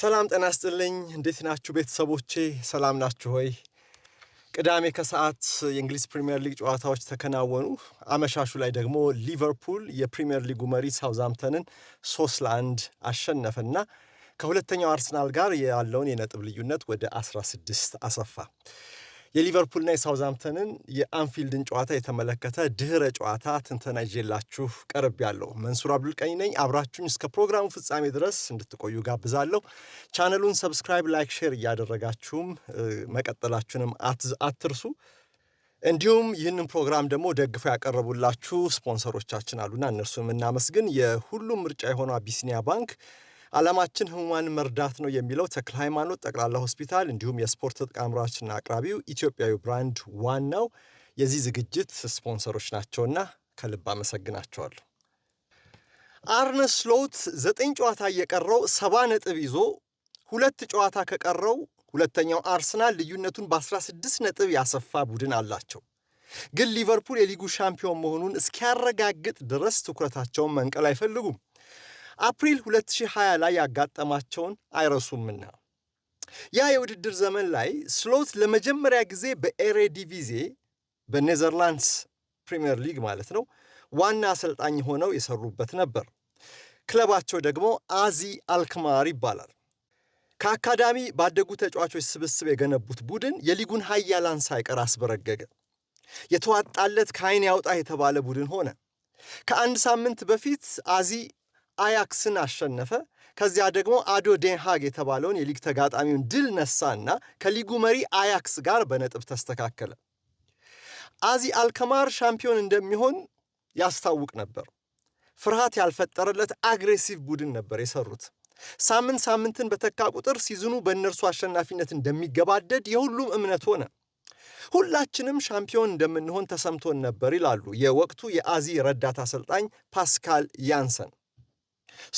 ሰላም ጤና ይስጥልኝ። እንዴት ናችሁ ቤተሰቦቼ? ሰላም ናችሁ ሆይ? ቅዳሜ ከሰዓት የእንግሊዝ ፕሪምየር ሊግ ጨዋታዎች ተከናወኑ። አመሻሹ ላይ ደግሞ ሊቨርፑል የፕሪምየር ሊጉ መሪ ሳውዛምተንን ሶስት ለአንድ አሸነፈና ከሁለተኛው አርሰናል ጋር ያለውን የነጥብ ልዩነት ወደ 16 አሰፋ። የሊቨርፑልና የሳውዛምተንን የአንፊልድን ጨዋታ የተመለከተ ድህረ ጨዋታ ትንተና ይዤላችሁ ቀርብ ያለው መንሱር አብዱልቀኝ ነኝ። አብራችሁኝ እስከ ፕሮግራሙ ፍጻሜ ድረስ እንድትቆዩ ጋብዛለሁ። ቻነሉን ሰብስክራይብ፣ ላይክ፣ ሼር እያደረጋችሁም መቀጠላችሁንም አትርሱ። እንዲሁም ይህንን ፕሮግራም ደግሞ ደግፈው ያቀረቡላችሁ ስፖንሰሮቻችን አሉና እነርሱም እናመስግን። የሁሉም ምርጫ የሆነው አቢሲኒያ ባንክ ዓላማችን ህሙማን መርዳት ነው የሚለው ተክለ ሃይማኖት ጠቅላላ ሆስፒታል እንዲሁም የስፖርት አምራችና አቅራቢው ኢትዮጵያዊ ብራንድ ዋናው የዚህ ዝግጅት ስፖንሰሮች ናቸውና ከልብ አመሰግናቸዋለሁ። አርነ ስሎት ዘጠኝ ጨዋታ እየቀረው ሰባ ነጥብ ይዞ ሁለት ጨዋታ ከቀረው ሁለተኛው አርሰናል ልዩነቱን በ16 ነጥብ ያሰፋ ቡድን አላቸው። ግን ሊቨርፑል የሊጉ ሻምፒዮን መሆኑን እስኪያረጋግጥ ድረስ ትኩረታቸውን መንቀል አይፈልጉም። አፕሪል 2020 ላይ ያጋጠማቸውን አይረሱምና። ያ የውድድር ዘመን ላይ ስሎት ለመጀመሪያ ጊዜ በኤሬ ዲቪዜ በኔዘርላንድስ ፕሪምየር ሊግ ማለት ነው ዋና አሰልጣኝ ሆነው የሰሩበት ነበር። ክለባቸው ደግሞ አዚ አልክማር ይባላል። ከአካዳሚ ባደጉ ተጫዋቾች ስብስብ የገነቡት ቡድን የሊጉን ሀያላን ሳይቀር አስበረገገ። የተዋጣለት ከአይን ያውጣ የተባለ ቡድን ሆነ። ከአንድ ሳምንት በፊት አዚ አያክስን አሸነፈ። ከዚያ ደግሞ አዶ ዴንሃግ የተባለውን የሊግ ተጋጣሚውን ድል ነሳና ከሊጉ መሪ አያክስ ጋር በነጥብ ተስተካከለ። አዚ አልከማር ሻምፒዮን እንደሚሆን ያስታውቅ ነበር። ፍርሃት ያልፈጠረለት አግሬሲቭ ቡድን ነበር የሰሩት። ሳምንት ሳምንትን በተካ ቁጥር ሲዝኑ በእነርሱ አሸናፊነት እንደሚገባደድ የሁሉም እምነት ሆነ። ሁላችንም ሻምፒዮን እንደምንሆን ተሰምቶን ነበር ይላሉ የወቅቱ የአዚ ረዳት አሰልጣኝ ፓስካል ያንሰን።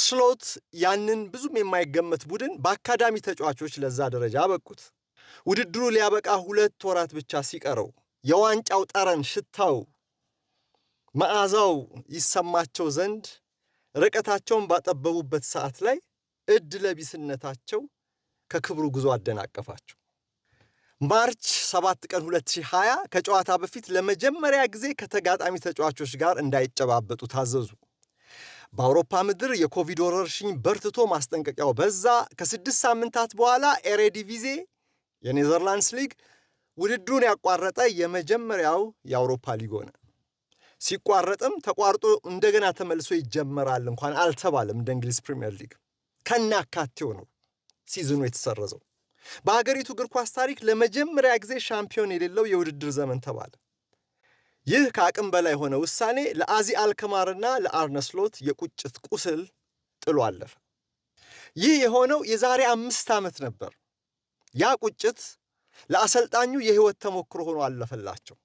ስሎት ያንን ብዙም የማይገመት ቡድን በአካዳሚ ተጫዋቾች ለዛ ደረጃ አበቁት። ውድድሩ ሊያበቃ ሁለት ወራት ብቻ ሲቀረው የዋንጫው ጠረን ሽታው መዓዛው ይሰማቸው ዘንድ ርቀታቸውን ባጠበቡበት ሰዓት ላይ እድ ለቢስነታቸው ከክብሩ ጉዞ አደናቀፋቸው። ማርች 7 ቀን 2020 ከጨዋታ በፊት ለመጀመሪያ ጊዜ ከተጋጣሚ ተጫዋቾች ጋር እንዳይጨባበጡ ታዘዙ። በአውሮፓ ምድር የኮቪድ ወረርሽኝ በርትቶ ማስጠንቀቂያው በዛ። ከስድስት ሳምንታት በኋላ ኤሬዲቪዜ የኔዘርላንድስ ሊግ ውድድሩን ያቋረጠ የመጀመሪያው የአውሮፓ ሊግ ሆነ። ሲቋረጥም ተቋርጦ እንደገና ተመልሶ ይጀመራል እንኳን አልተባለም። እንደ እንግሊዝ ፕሪምየር ሊግ አካቴው ነው ሲዝኑ የተሰረዘው። በሀገሪቱ እግር ኳስ ታሪክ ለመጀመሪያ ጊዜ ሻምፒዮን የሌለው የውድድር ዘመን ተባለ። ይህ ከአቅም በላይ የሆነ ውሳኔ ለአዚ አልክማርና ለአርነስሎት የቁጭት ቁስል ጥሎ አለፈ። ይህ የሆነው የዛሬ አምስት ዓመት ነበር። ያ ቁጭት ለአሰልጣኙ የህይወት ተሞክሮ ሆኖ አለፈላቸው።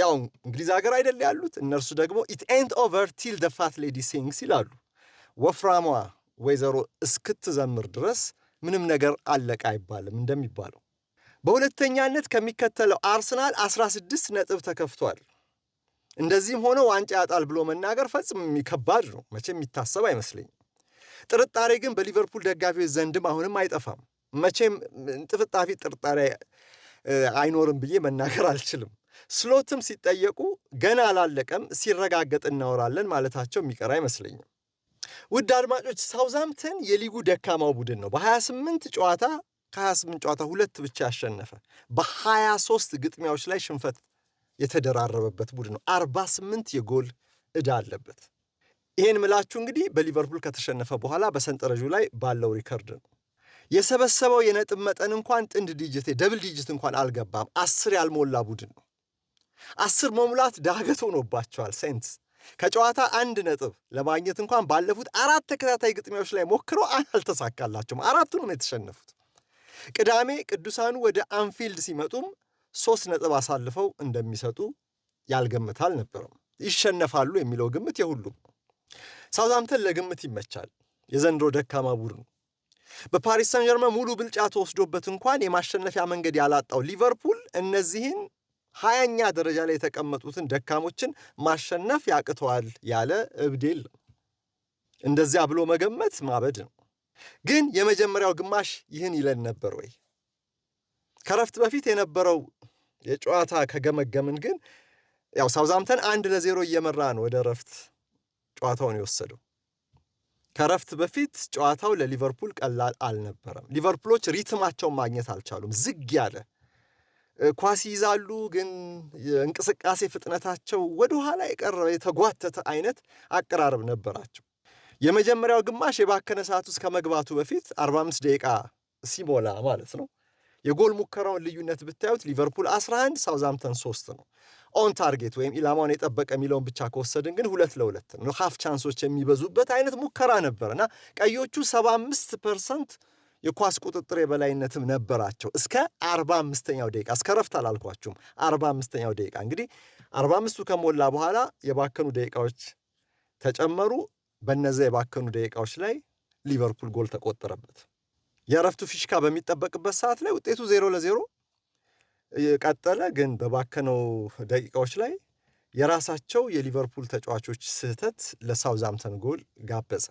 ያው እንግሊዝ ሀገር አይደል ያሉት እነርሱ ደግሞ ኢት ኤንት ኦቨር ቲል ደ ፋት ሌዲ ሲንግስ ይላሉ። ወፍራሟ ወይዘሮ እስክትዘምር ድረስ ምንም ነገር አለቀ አይባልም እንደሚባለው። በሁለተኛነት ከሚከተለው አርሰናል 16 ነጥብ ተከፍቷል። እንደዚህም ሆነ ዋንጫ ያጣል ብሎ መናገር ፈጽም የሚከባድ ነው። መቼም የሚታሰብ አይመስለኝም። ጥርጣሬ ግን በሊቨርፑል ደጋፊዎች ዘንድም አሁንም አይጠፋም። መቼም ጥፍጣፊ ጥርጣሬ አይኖርም ብዬ መናገር አልችልም። ስሎትም ሲጠየቁ ገና አላለቀም ሲረጋገጥ እናወራለን ማለታቸው የሚቀር አይመስለኝም። ውድ አድማጮች ሳውዛምተን የሊጉ ደካማው ቡድን ነው። በ28 ጨዋታ ከ28 ጨዋታ ሁለት ብቻ ያሸነፈ በ23 ግጥሚያዎች ላይ ሽንፈት የተደራረበበት ቡድን ነው። 48 የጎል ዕዳ አለበት። ይህን ምላችሁ እንግዲህ በሊቨርፑል ከተሸነፈ በኋላ በሰንጠረዡ ላይ ባለው ሪከርድ ነው። የሰበሰበው የነጥብ መጠን እንኳን ጥንድ ዲጂት ደብል ዲጂት እንኳን አልገባም። አስር ያልሞላ ቡድን ነው። አስር መሙላት ዳገት ሆኖባቸዋል ሴንትስ ከጨዋታ አንድ ነጥብ ለማግኘት እንኳን ባለፉት አራት ተከታታይ ግጥሚያዎች ላይ ሞክረው አልተሳካላቸውም። አራቱንም የተሸነፉት። ቅዳሜ ቅዱሳኑ ወደ አንፊልድ ሲመጡም ሶስት ነጥብ አሳልፈው እንደሚሰጡ ያልገምት አልነበረም። ይሸነፋሉ የሚለው ግምት የሁሉም ነው። ለግምት ይመቻል። የዘንድሮ ደካማ ቡድን በፓሪስ ሰን ጀርመን ሙሉ ብልጫ ተወስዶበት እንኳን የማሸነፊያ መንገድ ያላጣው ሊቨርፑል እነዚህን ሀያኛ ደረጃ ላይ የተቀመጡትን ደካሞችን ማሸነፍ ያቅተዋል ያለ እብድ የለም። እንደዚያ ብሎ መገመት ማበድ ነው። ግን የመጀመሪያው ግማሽ ይህን ይለን ነበር ወይ? ከረፍት በፊት የነበረው የጨዋታ ከገመገምን ግን ያው ሳውዛምተን አንድ ለዜሮ እየመራ ነው ወደ እረፍት ጨዋታውን የወሰደው። ከእረፍት በፊት ጨዋታው ለሊቨርፑል ቀላል አልነበረም። ሊቨርፑሎች ሪትማቸውን ማግኘት አልቻሉም። ዝግ ያለ ኳስ ይዛሉ፣ ግን የእንቅስቃሴ ፍጥነታቸው ወደኋላ የቀረ የተጓተተ አይነት አቀራረብ ነበራቸው። የመጀመሪያው ግማሽ የባከነ ሰዓት ውስጥ ከመግባቱ በፊት 45 ደቂቃ ሲሞላ ማለት ነው የጎል ሙከራውን ልዩነት ብታዩት ሊቨርፑል 11 ሳውዛምተን 3 ነው። ኦን ታርጌት ወይም ኢላማውን የጠበቀ የሚለውን ብቻ ከወሰድን ግን ሁለት ለሁለት ነው። ሀፍ ቻንሶች የሚበዙበት አይነት ሙከራ ነበር እና ቀዮቹ 75 ፐርሰንት የኳስ ቁጥጥር የበላይነትም ነበራቸው እስከ 45ኛው ደቂቃ እስከ ረፍት አላልኳችሁም። 45ኛው ደቂቃ እንግዲህ 45ቱ ከሞላ በኋላ የባከኑ ደቂቃዎች ተጨመሩ። በነዚያ የባከኑ ደቂቃዎች ላይ ሊቨርፑል ጎል ተቆጠረበት። የእረፍቱ ፊሽካ በሚጠበቅበት ሰዓት ላይ ውጤቱ ዜሮ ለዜሮ ቀጠለ። ግን በባከነው ደቂቃዎች ላይ የራሳቸው የሊቨርፑል ተጫዋቾች ስህተት ለሳውዛምተን ጎል ጋበዘ።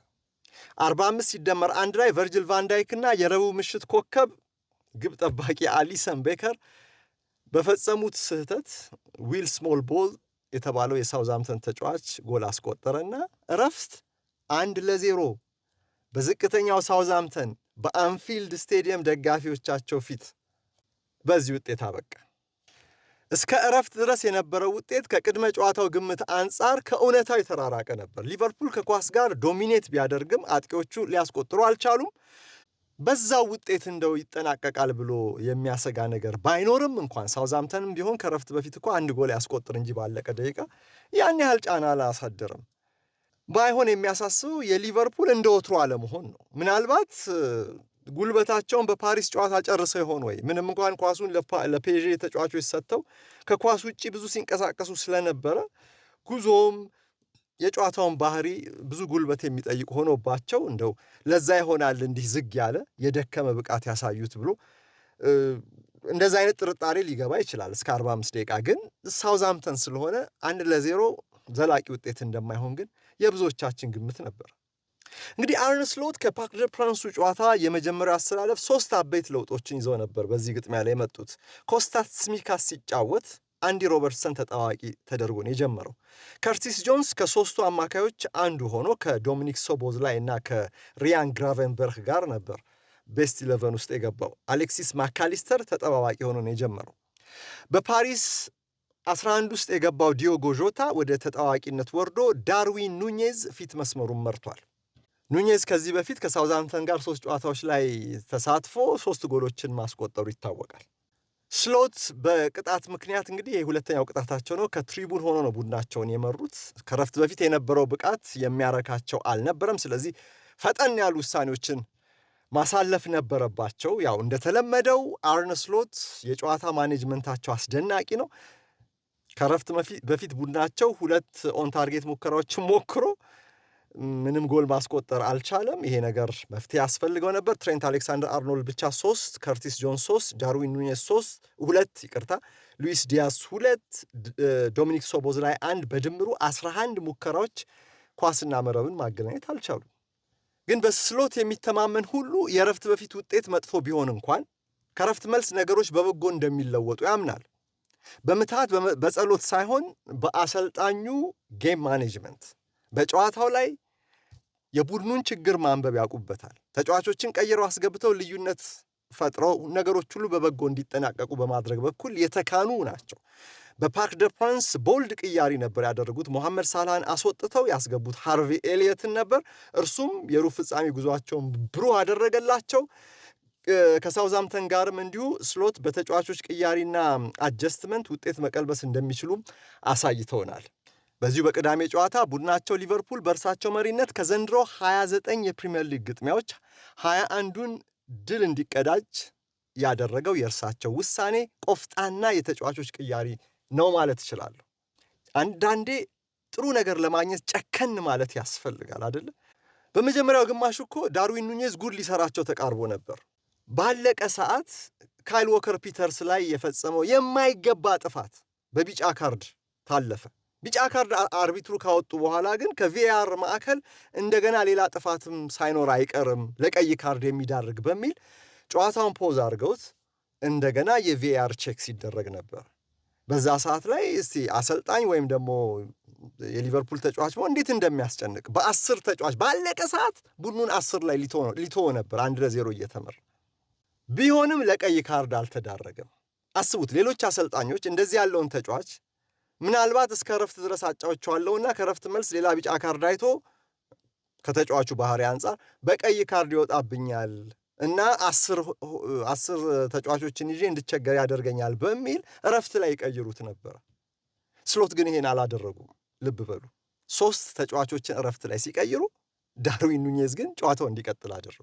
45 ሲደመር አንድ ላይ ቨርጅል ቫንዳይክ እና የረቡዕ ምሽት ኮከብ ግብ ጠባቂ አሊሰን ቤከር በፈጸሙት ስህተት ዊል ስሞል ቦል የተባለው የሳውዛምተን ተጫዋች ጎል አስቆጠረና እረፍት አንድ ለዜሮ በዝቅተኛው ሳውዛምተን በአንፊልድ ስቴዲየም ደጋፊዎቻቸው ፊት በዚህ ውጤት አበቃ። እስከ እረፍት ድረስ የነበረው ውጤት ከቅድመ ጨዋታው ግምት አንጻር ከእውነታው የተራራቀ ነበር። ሊቨርፑል ከኳስ ጋር ዶሚኔት ቢያደርግም አጥቂዎቹ ሊያስቆጥሩ አልቻሉም። በዛው ውጤት እንደው ይጠናቀቃል ብሎ የሚያሰጋ ነገር ባይኖርም እንኳን ሳውዛምተንም ቢሆን ከእረፍት በፊት እኮ አንድ ጎል ያስቆጥር እንጂ ባለቀ ደቂቃ ያን ያህል ጫና አላሳደርም። ባይሆን የሚያሳስበው የሊቨርፑል እንደ ወትሮ አለመሆን ነው። ምናልባት ጉልበታቸውን በፓሪስ ጨዋታ ጨርሰው ይሆን ወይ? ምንም እንኳን ኳሱን ለፔዤ ተጫዋቾች ሰጥተው ከኳስ ውጭ ብዙ ሲንቀሳቀሱ ስለነበረ ጉዞም የጨዋታውን ባህሪ ብዙ ጉልበት የሚጠይቅ ሆኖባቸው እንደው ለዛ ይሆናል እንዲህ ዝግ ያለ የደከመ ብቃት ያሳዩት ብሎ እንደዚ አይነት ጥርጣሬ ሊገባ ይችላል። እስከ 45 ደቂቃ ግን ሳውዛምተን ስለሆነ አንድ ለዜሮ ዘላቂ ውጤት እንደማይሆን ግን የብዙዎቻችን ግምት ነበር። እንግዲህ አርን ስሎት ከፓርክ ደ ፕራንሱ ጨዋታ የመጀመሪያው አሰላለፍ ሶስት አበይት ለውጦችን ይዘው ነበር በዚህ ግጥሚያ ላይ የመጡት። ኮስታስ ስሚካስ ሲጫወት አንዲ ሮበርትሰን ተጠዋቂ ተደርጎ ነው የጀመረው። ከርቲስ ጆንስ ከሶስቱ አማካዮች አንዱ ሆኖ ከዶሚኒክ ሶቦዝላይ እና ከሪያን ግራቨንበርህ ጋር ነበር ቤስት ኢለቨን ውስጥ የገባው። አሌክሲስ ማካሊስተር ተጠባባቂ ሆኖ ነው የጀመረው። በፓሪስ 11 ውስጥ የገባው ዲዮጎ ጆታ ወደ ተጣዋቂነት ወርዶ ዳርዊን ኑኔዝ ፊት መስመሩን መርቷል። ኑኔዝ ከዚህ በፊት ከሳውዛምተን ጋር ሶስት ጨዋታዎች ላይ ተሳትፎ ሶስት ጎሎችን ማስቆጠሩ ይታወቃል። ስሎት በቅጣት ምክንያት እንግዲህ የሁለተኛው ቅጣታቸው ነው። ከትሪቡን ሆኖ ነው ቡድናቸውን የመሩት። ከረፍት በፊት የነበረው ብቃት የሚያረካቸው አልነበረም። ስለዚህ ፈጠን ያሉ ውሳኔዎችን ማሳለፍ ነበረባቸው። ያው እንደተለመደው አርነ ስሎት የጨዋታ ማኔጅመንታቸው አስደናቂ ነው። ከረፍት በፊት ቡድናቸው ሁለት ኦን ታርጌት ሙከራዎችን ሞክሮ ምንም ጎል ማስቆጠር አልቻለም። ይሄ ነገር መፍትሄ ያስፈልገው ነበር። ትሬንት አሌክሳንደር አርኖልድ ብቻ ሶስት፣ ከርቲስ ጆን ሶስት፣ ጃርዊን ኑኔስ ሶስት ሁለት ይቅርታ፣ ሉዊስ ዲያስ ሁለት፣ ዶሚኒክ ሶቦዝ ላይ አንድ በድምሩ 11 ሙከራዎች ኳስና መረብን ማገናኘት አልቻሉ። ግን በስሎት የሚተማመን ሁሉ የረፍት በፊት ውጤት መጥፎ ቢሆን እንኳን ከረፍት መልስ ነገሮች በበጎ እንደሚለወጡ ያምናል። በምትሃት በጸሎት ሳይሆን በአሰልጣኙ ጌም ማኔጅመንት በጨዋታው ላይ የቡድኑን ችግር ማንበብ ያውቁበታል። ተጫዋቾችን ቀይረው አስገብተው ልዩነት ፈጥረው ነገሮች ሁሉ በበጎ እንዲጠናቀቁ በማድረግ በኩል የተካኑ ናቸው። በፓርክ ደ ፕራንስ ቦልድ ቅያሪ ነበር ያደረጉት። ሞሐመድ ሳላህን አስወጥተው ያስገቡት ሃርቪ ኤሊየትን ነበር። እርሱም የሩብ ፍጻሜ ጉዟቸውን ብሩህ አደረገላቸው። ከሳውዛምተን ጋርም እንዲሁ ስሎት በተጫዋቾች ቅያሪና አጀስትመንት ውጤት መቀልበስ እንደሚችሉ አሳይተውናል። በዚሁ በቅዳሜ ጨዋታ ቡድናቸው ሊቨርፑል በእርሳቸው መሪነት ከዘንድሮ 29 የፕሪምየር ሊግ ግጥሚያዎች 21ዱን ድል እንዲቀዳጅ ያደረገው የእርሳቸው ውሳኔ ቆፍጣና የተጫዋቾች ቅያሪ ነው ማለት እችላለሁ። አንዳንዴ ጥሩ ነገር ለማግኘት ጨከን ማለት ያስፈልጋል አደለ? በመጀመሪያው ግማሽ እኮ ዳርዊን ኑኔዝ ጉድ ሊሰራቸው ተቃርቦ ነበር። ባለቀ ሰዓት ካይል ወከር ፒተርስ ላይ የፈጸመው የማይገባ ጥፋት በቢጫ ካርድ ታለፈ። ቢጫ ካርድ አርቢትሩ ካወጡ በኋላ ግን ከቪአር ማዕከል እንደገና ሌላ ጥፋትም ሳይኖር አይቀርም ለቀይ ካርድ የሚዳርግ በሚል ጨዋታውን ፖዝ አድርገውት እንደገና የቪአር ቼክ ሲደረግ ነበር። በዛ ሰዓት ላይ እስቲ አሰልጣኝ ወይም ደግሞ የሊቨርፑል ተጫዋች ሆ እንዴት እንደሚያስጨንቅ በአስር ተጫዋች ባለቀ ሰዓት ቡድኑን አስር ላይ ሊቶ ነበር አንድ ለዜሮ እየተመራ ቢሆንም ለቀይ ካርድ አልተዳረገም። አስቡት፣ ሌሎች አሰልጣኞች እንደዚህ ያለውን ተጫዋች ምናልባት እስከ እረፍት ድረስ አጫውቸዋለሁና ከረፍት መልስ ሌላ ቢጫ ካርድ አይቶ ከተጫዋቹ ባህሪ አንጻር በቀይ ካርድ ይወጣብኛል እና አስር ተጫዋቾችን ይዤ እንድቸገር ያደርገኛል በሚል እረፍት ላይ ይቀይሩት ነበር። ስሎት ግን ይሄን አላደረጉም። ልብ በሉ፣ ሶስት ተጫዋቾችን እረፍት ላይ ሲቀይሩ ዳርዊን ኑኔዝ ግን ጨዋታው እንዲቀጥል አደረጉ።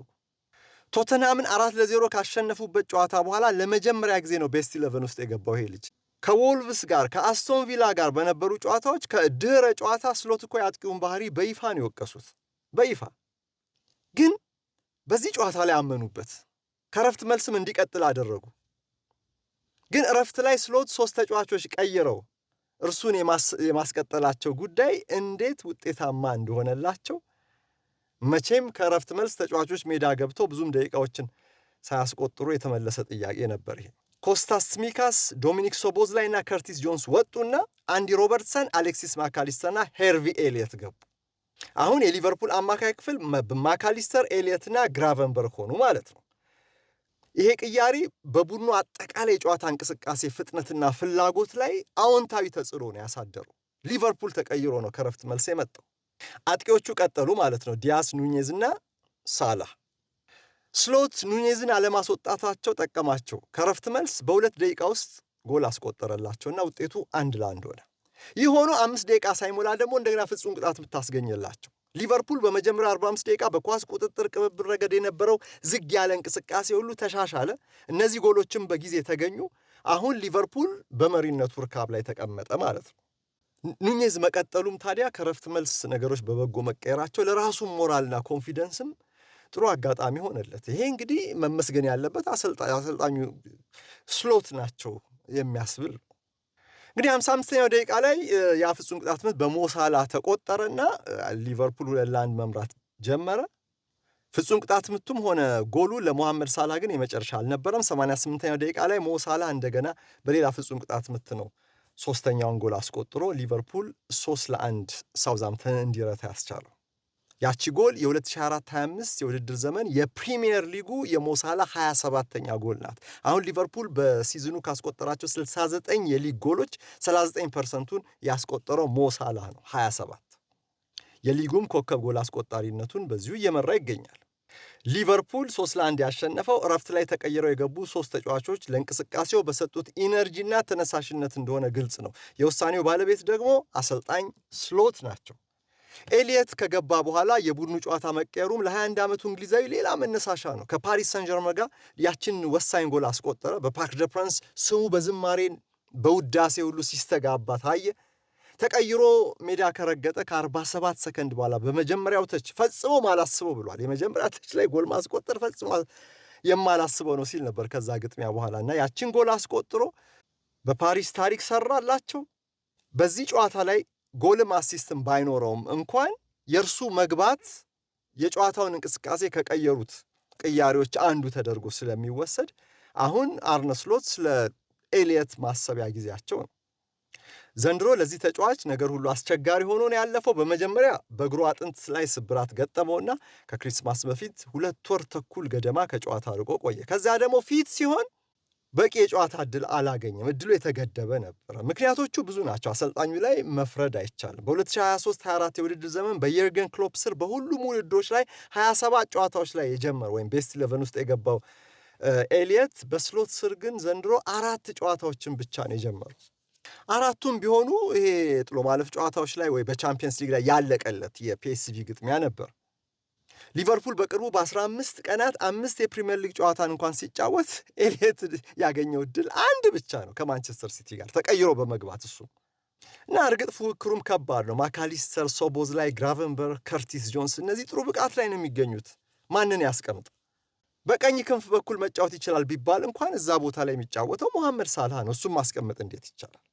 ቶተንሃምን አራት ለዜሮ ካሸነፉበት ጨዋታ በኋላ ለመጀመሪያ ጊዜ ነው ቤስት ኢለቨን ውስጥ የገባው ይሄ ልጅ። ከዎልቭስ ጋር ከአስቶን ቪላ ጋር በነበሩ ጨዋታዎች ከድህረ ጨዋታ ስሎት እኮ የአጥቂውን ባህሪ በይፋ ነው የወቀሱት። በይፋ ግን በዚህ ጨዋታ ላይ አመኑበት። ከረፍት መልስም እንዲቀጥል አደረጉ። ግን እረፍት ላይ ስሎት ሶስት ተጫዋቾች ቀይረው እርሱን የማስቀጠላቸው ጉዳይ እንዴት ውጤታማ እንደሆነላቸው መቼም ከእረፍት መልስ ተጫዋቾች ሜዳ ገብቶ ብዙም ደቂቃዎችን ሳያስቆጥሩ የተመለሰ ጥያቄ ነበር ይሄ። ኮስታስ ስሚካስ፣ ዶሚኒክ ሶቦዝላይ እና ከርቲስ ጆንስ ወጡና አንዲ ሮበርትሰን፣ አሌክሲስ ማካሊስተር እና ሄርቪ ኤሊየት ገቡ። አሁን የሊቨርፑል አማካይ ክፍል ማካሊስተር፣ ኤሊየትና ግራቨንበርግ ሆኑ ማለት ነው። ይሄ ቅያሪ በቡድኑ አጠቃላይ የጨዋታ እንቅስቃሴ ፍጥነትና ፍላጎት ላይ አዎንታዊ ተጽዕኖ ነው ያሳደሩ። ሊቨርፑል ተቀይሮ ነው ከረፍት መልስ የመጣው። አጥቂዎቹ ቀጠሉ ማለት ነው። ዲያስ፣ ኑኜዝ እና ሳላ ስሎት ኑኜዝን አለማስወጣታቸው ጠቀማቸው። ከረፍት መልስ በሁለት ደቂቃ ውስጥ ጎል አስቆጠረላቸውና ውጤቱ አንድ ለአንድ ሆነ። ይህ ሆኖ አምስት ደቂቃ ሳይሞላ ደግሞ እንደገና ፍጹም ቅጣት ምታስገኝላቸው ሊቨርፑል በመጀመሪያ 45 ደቂቃ በኳስ ቁጥጥር ቅብብር ረገድ የነበረው ዝግ ያለ እንቅስቃሴ ሁሉ ተሻሻለ። እነዚህ ጎሎችም በጊዜ ተገኙ። አሁን ሊቨርፑል በመሪነቱ ርካብ ላይ ተቀመጠ ማለት ነው። ኑኔዝ መቀጠሉም ታዲያ ከረፍት መልስ ነገሮች በበጎ መቀየራቸው ለራሱም ሞራልና ኮንፊደንስም ጥሩ አጋጣሚ ሆነለት። ይሄ እንግዲህ መመስገን ያለበት አሰልጣኙ ስሎት ናቸው የሚያስብል እንግዲህ ሀምሳ አምስተኛው ደቂቃ ላይ የፍጹም ቅጣት ምት በሞሳላ ተቆጠረና ሊቨርፑል ሁለት ለአንድ መምራት ጀመረ። ፍጹም ቅጣት ምቱም ሆነ ጎሉ ለሞሐመድ ሳላ ግን የመጨረሻ አልነበረም። 88ኛው ደቂቃ ላይ ሞሳላ እንደገና በሌላ ፍጹም ቅጣት ምት ነው ሶስተኛውን ጎል አስቆጥሮ ሊቨርፑል ሶስት ለአንድ ሳውዛምተን እንዲረታ ያስቻለው። ያቺ ጎል የ2024/25 የውድድር ዘመን የፕሪሚየር ሊጉ የሞሳላ 27ተኛ ጎል ናት። አሁን ሊቨርፑል በሲዝኑ ካስቆጠራቸው 69 የሊግ ጎሎች 39 ፐርሰንቱን ያስቆጠረው ሞሳላ ነው 27 የሊጉም ኮከብ ጎል አስቆጣሪነቱን በዚሁ እየመራ ይገኛል። ሊቨርፑል ሶስት ለአንድ ያሸነፈው እረፍት ላይ ተቀይረው የገቡ ሶስት ተጫዋቾች ለእንቅስቃሴው በሰጡት ኢነርጂና ተነሳሽነት እንደሆነ ግልጽ ነው። የውሳኔው ባለቤት ደግሞ አሰልጣኝ ስሎት ናቸው። ኤሊየት ከገባ በኋላ የቡድኑ ጨዋታ መቀየሩም ለ21 ዓመቱ እንግሊዛዊ ሌላ መነሳሻ ነው። ከፓሪስ ሰንጀርመን ጋር ያችን ወሳኝ ጎል አስቆጠረ። በፓርክ ደ ፕረንስ ስሙ በዝማሬን በውዳሴ ሁሉ ሲስተጋባ ታየ። ተቀይሮ ሜዳ ከረገጠ ከ47 ሰከንድ በኋላ በመጀመሪያው ተች ፈጽሞ ማላስበው ብሏል። የመጀመሪያ ተች ላይ ጎል ማስቆጠር ፈጽሞ የማላስበው ነው ሲል ነበር ከዛ ግጥሚያ በኋላ እና ያችን ጎል አስቆጥሮ በፓሪስ ታሪክ ሰራላቸው። በዚህ ጨዋታ ላይ ጎልም አሲስትም ባይኖረውም እንኳን የእርሱ መግባት የጨዋታውን እንቅስቃሴ ከቀየሩት ቅያሬዎች አንዱ ተደርጎ ስለሚወሰድ አሁን አርነስሎት ስለ ኤልየት ማሰቢያ ጊዜያቸው ነው። ዘንድሮ ለዚህ ተጫዋች ነገር ሁሉ አስቸጋሪ ሆኖ ነው ያለፈው። በመጀመሪያ በእግሩ አጥንት ላይ ስብራት ገጠመውና ከክሪስማስ በፊት ሁለት ወር ተኩል ገደማ ከጨዋታ ርቆ ቆየ። ከዚያ ደግሞ ፊት ሲሆን በቂ የጨዋታ እድል አላገኘም። እድሉ የተገደበ ነበረ። ምክንያቶቹ ብዙ ናቸው። አሰልጣኙ ላይ መፍረድ አይቻልም። በ2023/24 የውድድር ዘመን በየርገን ክሎፕ ስር በሁሉም ውድድሮች ላይ 27 ጨዋታዎች ላይ የጀመረ ወይም ቤስት ኢሌቨን ውስጥ የገባው ኤሊየት በስሎት ስር ግን ዘንድሮ አራት ጨዋታዎችን ብቻ ነው የጀመሩት። አራቱም ቢሆኑ ይሄ ጥሎ ማለፍ ጨዋታዎች ላይ ወይ በቻምፒየንስ ሊግ ላይ ያለቀለት የፒኤስቪ ግጥሚያ ነበር። ሊቨርፑል በቅርቡ በ15 ቀናት አምስት የፕሪምየር ሊግ ጨዋታን እንኳን ሲጫወት ኤሌት ያገኘው ድል አንድ ብቻ ነው ከማንቸስተር ሲቲ ጋር ተቀይሮ በመግባት እሱ እና እርግጥ ፉክክሩም ከባድ ነው። ማካሊስተር፣ ሶቦዝ ላይ፣ ግራቨንበርግ፣ ከርቲስ ጆንስ እነዚህ ጥሩ ብቃት ላይ ነው የሚገኙት። ማንን ያስቀምጥ? በቀኝ ክንፍ በኩል መጫወት ይችላል ቢባል እንኳን እዛ ቦታ ላይ የሚጫወተው መሐመድ ሳልሃ ነው። እሱም ማስቀመጥ እንዴት ይቻላል?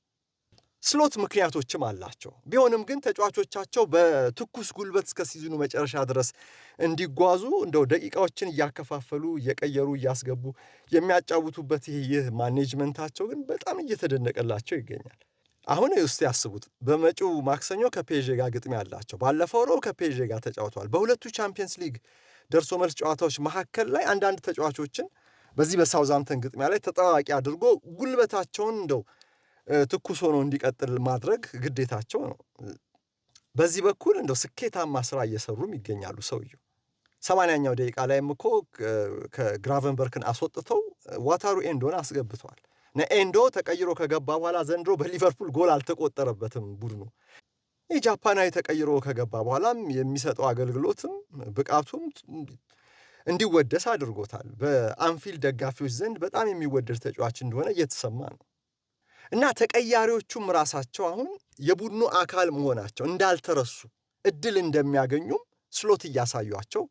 ስሎት ምክንያቶችም አላቸው። ቢሆንም ግን ተጫዋቾቻቸው በትኩስ ጉልበት እስከ ሲዝኑ መጨረሻ ድረስ እንዲጓዙ እንደው ደቂቃዎችን እያከፋፈሉ እየቀየሩ እያስገቡ የሚያጫውቱበት ይህ ማኔጅመንታቸው ግን በጣም እየተደነቀላቸው ይገኛል። አሁን ውስጥ ያስቡት፣ በመጪው ማክሰኞ ከፔዤ ጋር ግጥሚያ አላቸው። ባለፈው ረቡዕ ከፔዤ ጋር ተጫውተዋል። በሁለቱ ቻምፒየንስ ሊግ ደርሶ መልስ ጨዋታዎች መካከል ላይ አንዳንድ ተጫዋቾችን በዚህ በሳውዛምተን ግጥሚያ ላይ ተጠባባቂ አድርጎ ጉልበታቸውን እንደው ትኩስ ሆኖ እንዲቀጥል ማድረግ ግዴታቸው ነው። በዚህ በኩል እንደው ስኬታማ ስራ እየሰሩም ይገኛሉ። ሰውየው ሰማንያኛው ደቂቃ ላይም እኮ ከግራቨንበርክን አስወጥተው ዋታሩ ኤንዶን አስገብተዋል። ኤንዶ ተቀይሮ ከገባ በኋላ ዘንድሮ በሊቨርፑል ጎል አልተቆጠረበትም ቡድኑ። ጃፓናዊ ተቀይሮ ከገባ በኋላም የሚሰጠው አገልግሎትም ብቃቱም እንዲወደስ አድርጎታል። በአንፊልድ ደጋፊዎች ዘንድ በጣም የሚወደድ ተጫዋች እንደሆነ እየተሰማ ነው። እና ተቀያሪዎቹም ራሳቸው አሁን የቡድኑ አካል መሆናቸው እንዳልተረሱ እድል እንደሚያገኙም ስሎት እያሳዩቸው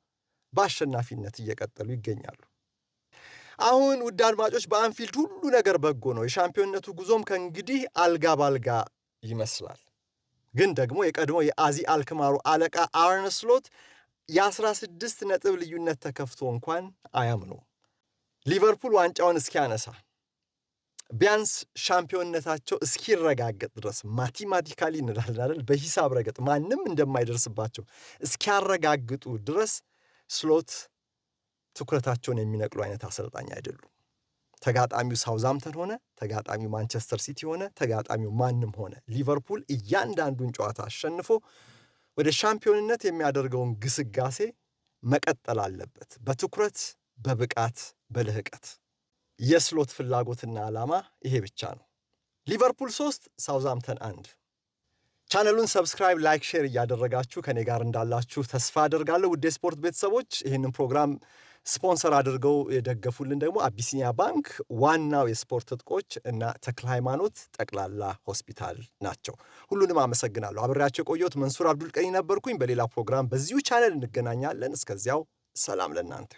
በአሸናፊነት እየቀጠሉ ይገኛሉ። አሁን ውድ አድማጮች በአንፊልድ ሁሉ ነገር በጎ ነው። የሻምፒዮንነቱ ጉዞም ከእንግዲህ አልጋ ባልጋ ይመስላል። ግን ደግሞ የቀድሞ የአዚ አልክማሩ አለቃ አርነ ስሎት የ16 ነጥብ ልዩነት ተከፍቶ እንኳን አያምኑም። ሊቨርፑል ዋንጫውን እስኪያነሳ ቢያንስ ሻምፒዮንነታቸው እስኪረጋገጥ ድረስ ማቲማቲካሊ እንላለን አይደል፣ በሂሳብ ረገጥ ማንም እንደማይደርስባቸው እስኪያረጋግጡ ድረስ ስሎት ትኩረታቸውን የሚነቅሉ አይነት አሰልጣኝ አይደሉም። ተጋጣሚው ሳውዛምተን ሆነ፣ ተጋጣሚው ማንቸስተር ሲቲ ሆነ፣ ተጋጣሚው ማንም ሆነ ሊቨርፑል እያንዳንዱን ጨዋታ አሸንፎ ወደ ሻምፒዮንነት የሚያደርገውን ግስጋሴ መቀጠል አለበት፣ በትኩረት በብቃት በልህቀት የስሎት ፍላጎትና ዓላማ ይሄ ብቻ ነው። ሊቨርፑል ሶስት ሳውዝሃምተን አንድ። ቻነሉን ሰብስክራይብ፣ ላይክ፣ ሼር እያደረጋችሁ ከኔ ጋር እንዳላችሁ ተስፋ አደርጋለሁ። ውድ የስፖርት ቤተሰቦች ይህንን ፕሮግራም ስፖንሰር አድርገው የደገፉልን ደግሞ አቢሲኒያ ባንክ፣ ዋናው የስፖርት ትጥቆች እና ተክለ ሃይማኖት ጠቅላላ ሆስፒታል ናቸው። ሁሉንም አመሰግናለሁ። አብሬያቸው የቆየሁት መንሱር አብዱል ነበርኩኝ። በሌላ ፕሮግራም በዚሁ ቻነል እንገናኛለን። እስከዚያው ሰላም ለእናንተ።